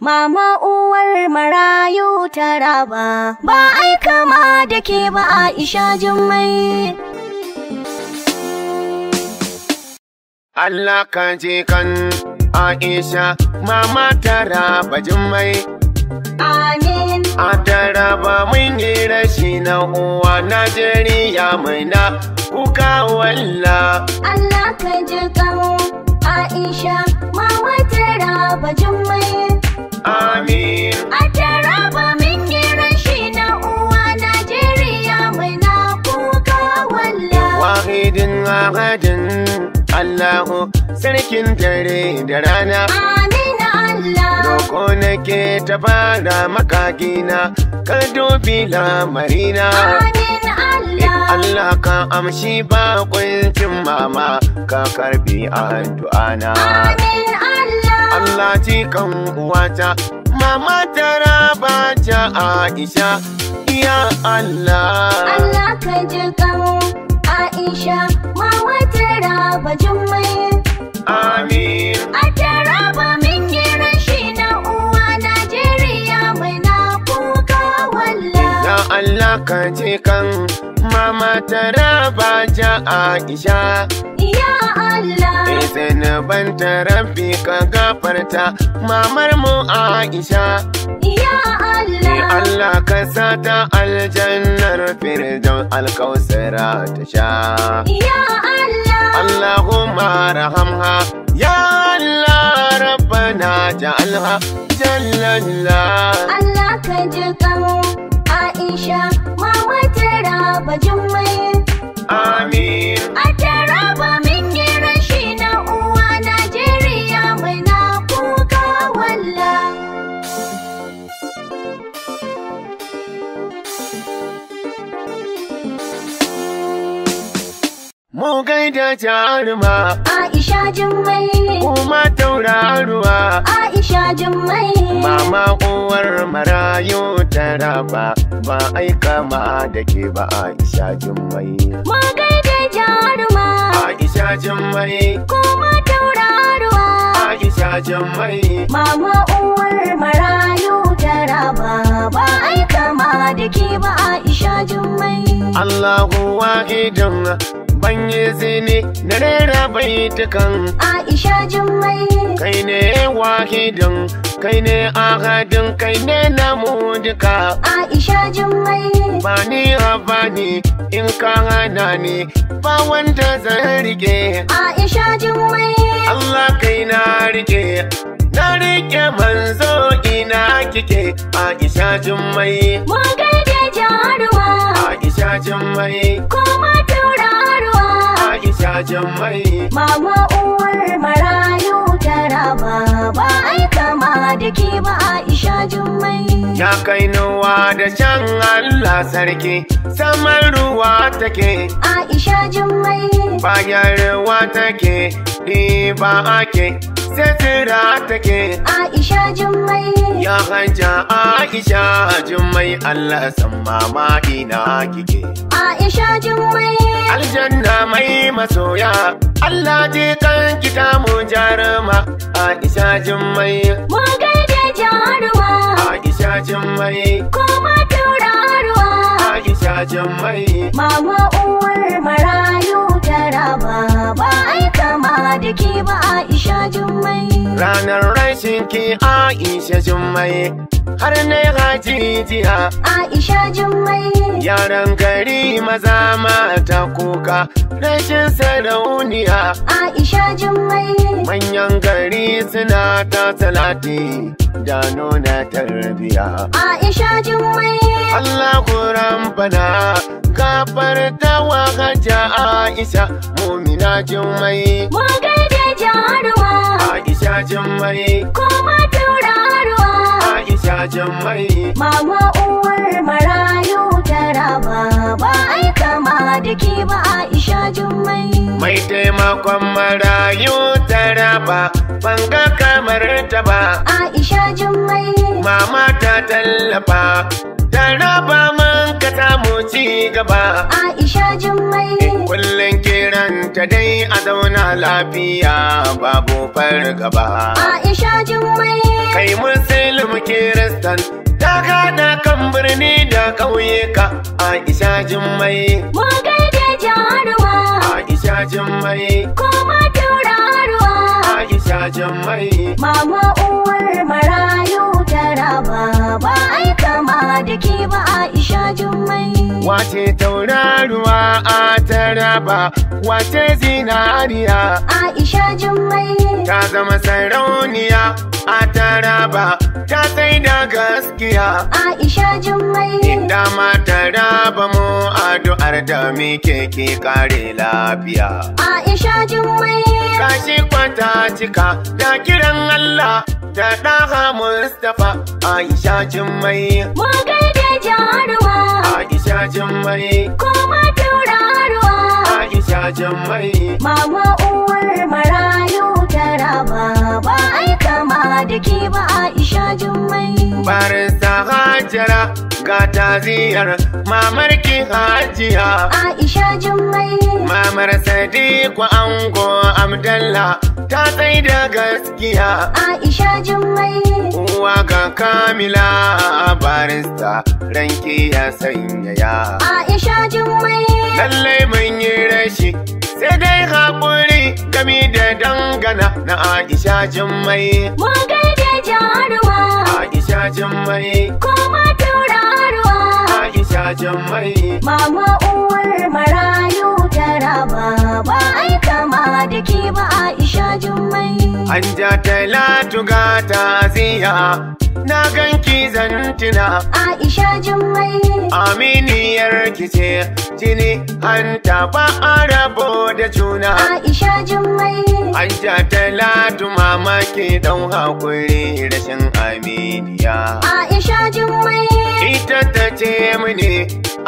Mama uwar marayu taraba ba ai kama da ke ba Aisha Jummai. Allah ka je kan Aisha mama raba Jummai. Amin. A taraba mun yi rashi na uwa Najeriya mai na kuka walla. Allah ka je kan Aisha mama raba Jummai. Amin. A jaraba min rashi na uwa Najeriya muna kuka walla. Wahidin ahadin Allahu sarkin dare da rana. Amin Allah. Roko nake ta fara makagina ka dubi lamarina. Amin Allah ka amshi bakuncin mama ka karbi addu'ana. Amin Allah. masallaci kan uwata mama tara ba ta aisha ya Allah Allah ka ji kan aisha mama tara ba jummai amin a tara ba ka kan mama ja aisha ya Allah eh, zanuban tarabi ka gafarta mamar mu aisha ya Allah eh, Allah ka sa ta aljannar firdaus alkausara ta sha ya Allah Allahumma rahamha ya Allah rabbana ja'alha jalla Allah ka ji kan Aisha raba jummai amin a jaraba mun min giran shi na uwa najeriya mai na kuka walla mu gaida jaruma aisha jummai kuma tauraruwa jummai mama uwar marayu raba ba aika ma da ke ba aisha jummai mu gaida jaruma aisha ruwa. A isa aisha mai. mama uwar marayu raba ba aika ma da ke ba aisha mai. Allahu wahidun ban yi zini na rera baitukan Aisha Jummai kai ne wahidin kai ne ahadin kai ne namu duka Aisha Jummai ba ni bani in ka hana ni ba wanda zan rike Aisha Jummai Allah kai na rike na rike manzo ina kike Aisha Jummai mun gaida jaruwa Aisha Jummai koma jammai. Mama uwar marayu tara ba ba ai kama da ke ba Aisha jammai. Ya kai nuwa da can Allah sarki saman ruwa take. Aisha jammai. Bayan ruwa take ba ake. sai take Aisha Jummai Ya hanja Aisha Jummai Allah san mama ina kike Aisha Jummai Aljanna mai masoya Allah je kan kita mu jaruma Aisha Jummai Mun gaida jaruma Aisha Jummai Kuma tauraruwa Aisha Jummai Mama Uwa da ba Aisha Jummai. Ranar rashin ki Aisha Jummai, har ne haji jiya. Aisha Jummai. Yaran gari maza mata kuka, rashin sarauniya. Aisha Jummai. Manyan gari suna ta salati da nuna tarbiya. Aisha Jummai. Allah kuran bana dawa wa hajja Aisha mumina Jummai. Mun Jummai. Koma tauraruwa. Aisha Jummai. Mama uwar marayu taraba ba ai kama da ke ba Aisha Jummai. Mai taimakon marayu taraba ban ga kamar ta ba. Aisha Jummai. Mama ta tallafa taraba ma ci gaba. Aisha Jummai. Kullum kiran ta dai a zauna lafiya babu fargaba. Aisha Jummai. Kai Musulun Kiristan ta gada kan birni da ka Aisha Jummai. Mun gaida jaruwa. Aisha Jummai. tura tauraruwa. Aisha Jummai. Mama uwar marayu taraba ba ai kama da ke ba Aisha. wace tauraruwa a taraba wace zinariya aisha jummai ta zama sarauniya a taraba ta sai da gaskiya aisha jummai inda ma taraba mu addu'ar da muke ke kare lafiya aisha jummai kashi kwata cika da kiran allah da ɗaha mustapha aisha jummai mu gaida jaruwa Aisha Jummai Koma tauraro Aisha Jummai Mama uwar marayu barisa hajara ga taziyar ki hajiya aisha jummai mamar sadiku ango abdalla ta tsai da gaskiya aisha jummai uwa ga kamila barista ranki ya sanyaya aisha jummai lallai mun yi rashi sai dai haƙuri gami da dangana na aisha jummai mun tauraruwa Aisha Jummai Koma tauraruwa Aisha Jummai Mama uwar marayu taraba ba ai kama da ba Aisha Jummai ja Talatu ga taziya na ganki zantina Aisha Jummai Aminiyar kice jini hanta ba arabo da juna Aisha Jummai Aisha talatu mama ke ɗan haƙuri rashin aminiya. Aisha Jummai. Ita ta ce mini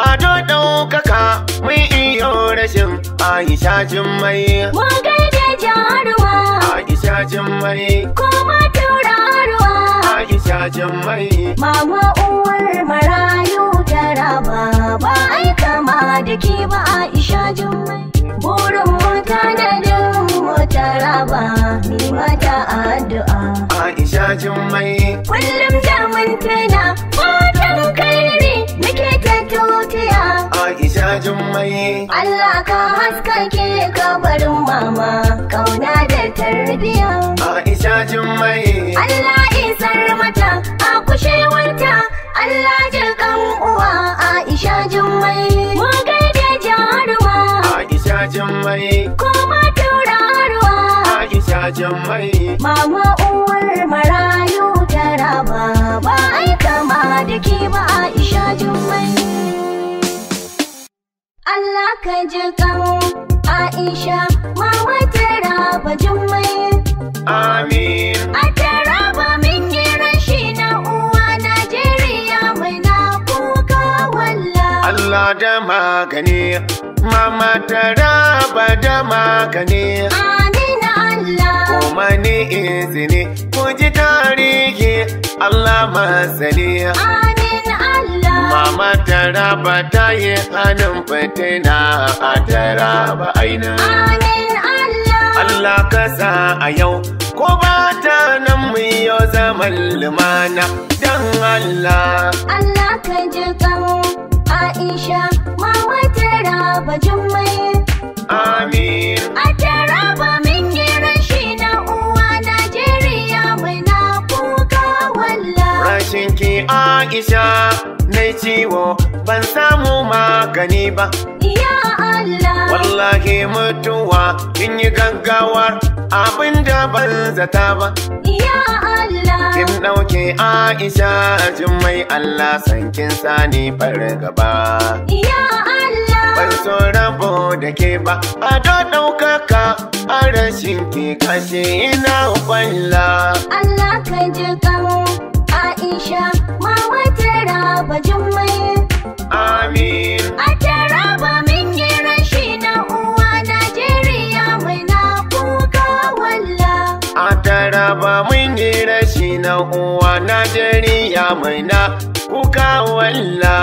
ado ɗaukaka mun iyo rashin Aisha Jummai. Mun gaida jaruwa. Aisha Jummai. Kuma tauraruwa. Aisha Jummai. Mama uwar marayu jaraba ba ai kama da ke ba Aisha Jummai. Burin mutanen ba ni mata addu'a Aisha Jummai kullum da mun tana fatan kairi nake ta tutiya Aisha Jummai Allah ka haskake kabarin mama kauna da tarbiya Aisha Jummai Allah isar mata a kushewanta Allah jikan uwa Aisha Jummai mun gaida jaruma Aisha Jummai jammai. Mama uwar marayu tara ba ba ai kama da ke ba Aisha jummai. Allah ka ji kan Aisha mama tara jummai. Amin. A tara mun yi rashi na uwa Najeriya mai na kuka walla. Allah da magani. Mama tara da magani. izini ku ji tarihi Allah masani amin Allah mama taraba ta yi hannun fitina a taraba aina amin Allah Allah ka sa a yau ko ba ta nan mu yau zaman lumana dan Allah Allah ka ji kawo Aisha mama taraba jummai amin a taraba Aisha na ciwo ban samu magani ba. Ya Allah! Wallahi mutuwa in yi gaggawar abin da ban zata ba. Ya Allah! Kin ɗauke Aisha jin mai Allah sankin sani fargaba. Ya Allah! Ban so rabo da ke ba, a don ɗaukaka a rashin ke kashe ina kwalla. Allah ka ji Aisha. a taraba mun yi rashi na uwa ya mai na kuka walla.